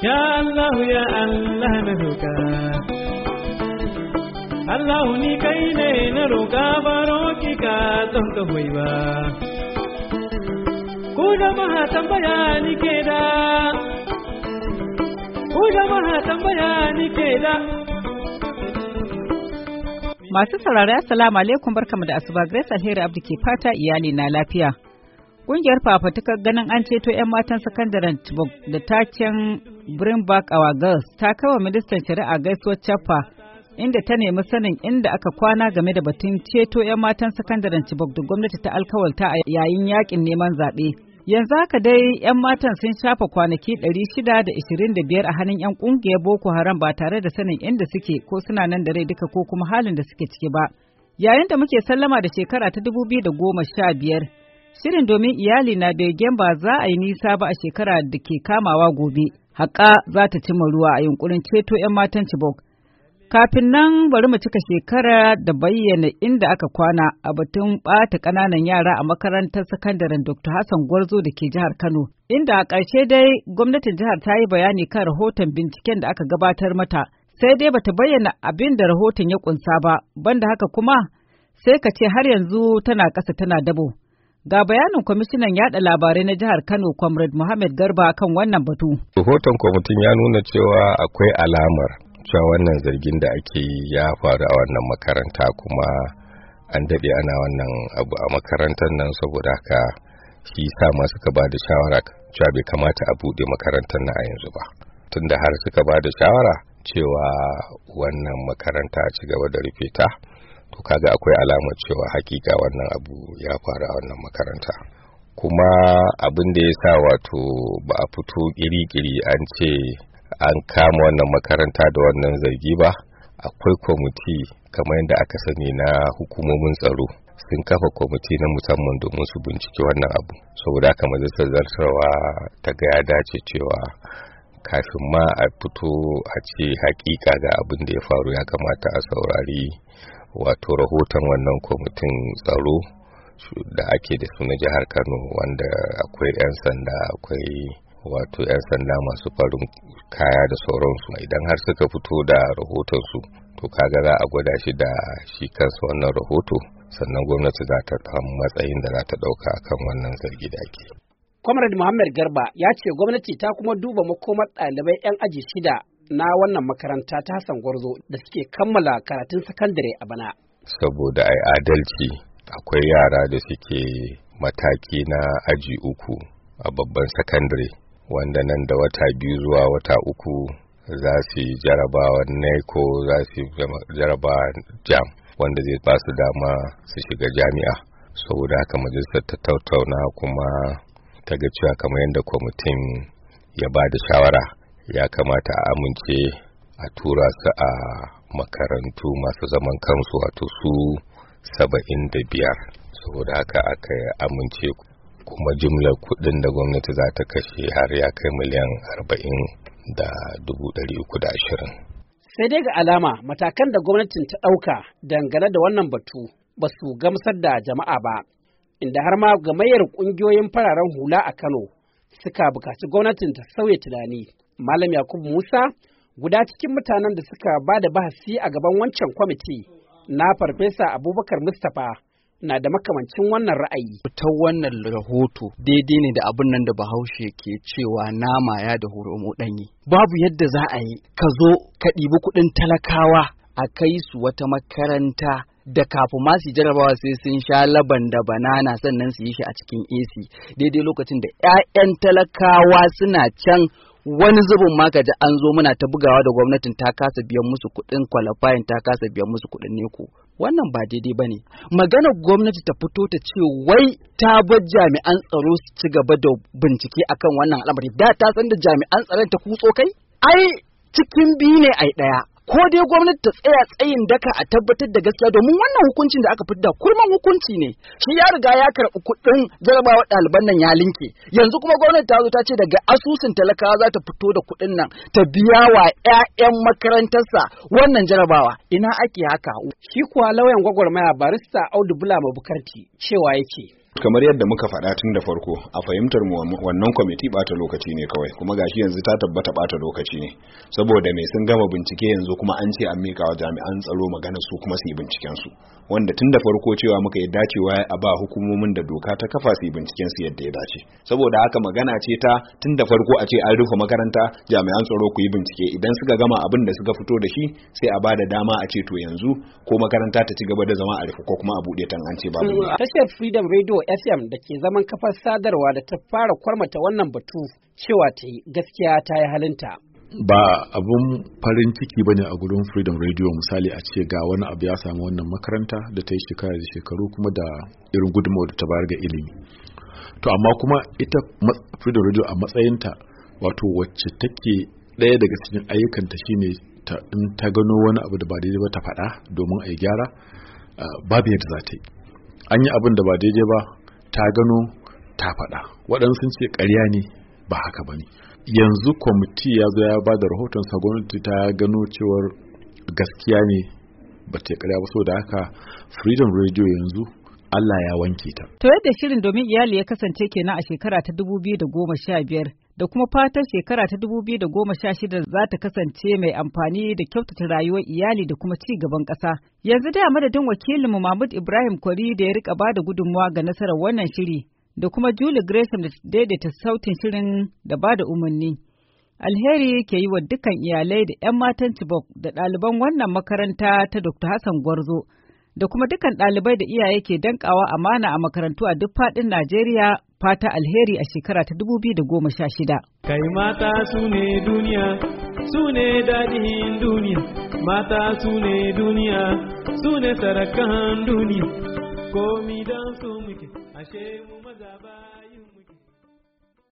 Ya Allah ya Allah na roƙa Allah ni kai ne na roƙa baro ki ka don ka hoyi ba Ku maha tambaya ni ke da Ku maha tambaya ni ke da Masu saurari assalamu alaikum barkamu da asuba Grace Alheri Abdi ke fata iyali na lafiya Kungiyar fafatukar ganin an ceto 'yan matan sakandaren Chibok da taken Bring Back Our Girls ta kawo ministan shari'a gaisuwar Chapa inda ta nemi sanin inda aka kwana game da batun ceto 'yan matan sakandaren Chibok da gwamnati ta alkawalta a yayin yakin neman zaɓe. Yanzu haka dai 'yan matan sun shafa kwanaki ɗari shida biyar a hannun 'yan kungiyar Boko Haram ba tare da sanin inda suke ko suna nan da rai duka ko kuma halin da suke ciki ba. Yayin da muke sallama da shekara ta dubu da goma sha biyar. Shirin domin iyali na begen ba za a yi nisa ba a shekara da ke kamawa gobe. Haƙa za ta cima ruwa a yunkurin ceto 'yan matan Chibok. Kafin nan bari mu cika shekara da bayyana inda aka kwana a batun ɓata ƙananan yara a makarantar sakandaren Dr. Hassan Gwarzo da ke jihar Kano, inda a ƙarshe dai gwamnatin jihar ta yi bayani kan rahoton binciken da aka gabatar mata, sai dai bata bayyana abin da rahoton ya ƙunsa ba, banda haka kuma sai ka ce har yanzu tana ƙasa tana dabo. Ga bayanin kwamishinan yada labarai na jihar Kano Comrade Muhammad Garba kan wannan batu. Rahoton kwamitin ya nuna cewa akwai alamar cewa wannan zargin da ake yi ya faru a wannan makaranta kuma an daɗe ana wannan abu a makarantar nan saboda haka shi sa ma suka ba da shawara cewa bai kamata a buɗe makarantar nan a yanzu ba. Tunda har suka ba da shawara cewa wannan makaranta ci gaba da rufe ta. to kaga akwai alamar cewa hakika wannan abu ya faru a wannan makaranta kuma abin da ya sa wato ba a fito kiri-kiri an ce an kama wannan makaranta da wannan zargi ba akwai kwamiti kamar yadda aka sani na hukumomin tsaro sun kafa kwamiti na musamman domin su bincike wannan abu saboda haka majalisar zartarwa ta ga ya dace cewa kafin ma a fito a ce hakika ga abin da ya faru ya kamata a saurari wato rahoton wannan kwamitin tsaro da ake da su na jihar kano wanda akwai 'yan sanda akwai wato 'yan sanda masu farin kaya da sauransu idan har suka fito da rahotonsu to kaga za a gwada shi da shi kansa wannan rahoto sannan gwamnati za ta samu matsayin da za ta ɗauka kan wannan zargi da ake. Comrade Muhammad Garba ya ce gwamnati ta kuma duba makomar ɗalibai 'yan aji shida na wannan makaranta ta Hassan Gwarzo da suke kammala karatun sakandare a bana. Saboda ai adalci akwai yara da suke mataki na aji uku a babban sakandare wanda nan da wata biyu zuwa wata uku za su yi jarabawa neko za su jaraba jam wanda zai ba su dama su shiga jami'a saboda haka majalisar ta tattauna kuma ta ga cewa kamar yadda kwamitin ya ba da shawara ya kamata a amince a tura su a makarantu masu zaman kansu wato su saba'in da biyar saboda haka aka amince kuma jimlar kudin da gwamnati za ta kashe har ya kai miliyan arba'in da dubu ɗari uku da ashirin. sai dai ga alama matakan da gwamnatin ta ɗauka dangane da wannan batu ba su gamsar da jama'a ba inda har ma gamayyar ƙungiyoyin fararen hula a kano suka bukaci gwamnatin ta sauya tunani Malam Yakubu Musa guda cikin mutanen da suka ba da bahasi a gaban wancan kwamiti na farfesa Abubakar Mustapha na da makamancin wannan ra'ayi. Ta wannan rahoto daidai ne da abin nan da bahaushe ke cewa nama ya da horo ɗanyi. Babu yadda za a yi ka zo ka ɗibi kuɗin talakawa a kai su wata makaranta da kafin ma su jarabawa sai sun sha laban da banana sannan su yi shi a cikin AC daidai lokacin da 'ya'yan talakawa suna can wani zubin ma an zo muna ta bugawa da gwamnatin ta kasa biyan musu kuɗin kwalafayin ta kasa biyan musu kuɗin neko wannan ba daidai ba ne maganar gwamnati ta fito ta ce wai ta bar jami'an tsaro su ci gaba da bincike akan wannan al'amari da ta san da jami'an tsaron ta kutso kai ai cikin biyu ne ai ɗaya ko dai gwamnati ta tsaya tsayin daka a tabbatar da gaskiya domin wannan hukuncin da aka fidda kurman hukunci ne shi ya riga ya karɓi kuɗin jarabawa ɗaliban nan ya linke yanzu kuma gwamnati ta zo ta ce daga asusun talakawa za ta fito da kuɗin nan ta biya wa ƴaƴan makarantarsa wannan jarabawa ina ake haka shi kuwa lauyan gwagwarmaya barista audu bula mabukarti cewa yake kamar yadda muka faɗa tun da farko a fahimtar mu wannan kwamiti bata lokaci ne kawai kuma gashi yanzu ta tabbata bata lokaci ne saboda mai sun gama bincike yanzu kuma an ce an mika wa jami'an tsaro magana su kuma su yi binciken su wanda tun da farko cewa muka yi dacewa a ba hukumomin da doka ta kafa su yi binciken su yadda ya dace saboda haka magana ce ta tun da farko a ce an rufe makaranta jami'an tsaro ku yi bincike idan suka gama abin da suka fito da shi sai a ba da dama a ce to yanzu ko makaranta ta ci gaba da zama a rufe ko kuma a buɗe tan an ce babu tashar freedom FM da ke zaman kafar sadarwa da ta fara kwarmata wannan batu cewa ta yi gaskiya ta yi halinta. Ba abun farin ciki bane a gurin Freedom Radio misali a ce ga wani abu ya samu wannan makaranta da ta yi shekara da shekaru kuma da irin gudunmawar da ta bayar ga ilimi. To amma kuma ita Freedom Radio a matsayinta wato wacce take ɗaya daga cikin ayyukanta shine ta in ta gano wani abu da ba daidai ba ta faɗa domin a yi gyara ah, babu yadda za ta yi an yi abin da ba daidai ba ta gano ta faɗa waɗansu ce ƙarya ne ba haka bane, yanzu kwamiti ya zo ya ba da rahoton sa gwamnati ta gano cewar gaskiya ne ba ta ƙarya ba saboda haka freedom radio yanzu Allah ya wanke ta. To yadda shirin domin iyali ya kasance kenan a shekara ta 2015 da kuma fatan shekara ta dubu biyu da goma 2016 za ta kasance mai amfani da kyautata rayuwar iyali da kuma ci gaban ƙasa. Yanzu da madadin wakilinmu Mahmud Ibrahim Kwari da ya rika bada gudunmawa ga nasarar wannan shiri da kuma Julie Grayson da daidaita sautin shirin da ba da umarni. Alheri ke yi wa dukkan iyalai da 'yan matan Chibok da ɗaliban wannan makaranta ta Dr. Hassan Gwarzo da kuma dukkan ɗalibai da iyaye ke dankawa amana a makarantu a duk faɗin Najeriya fata alheri a shekara ta 2016. Kai mata su ne duniya, su ne daɗin duniya, mata su ne duniya, su ne sarakan duniya, komi don su muke, ashe mu maza ba.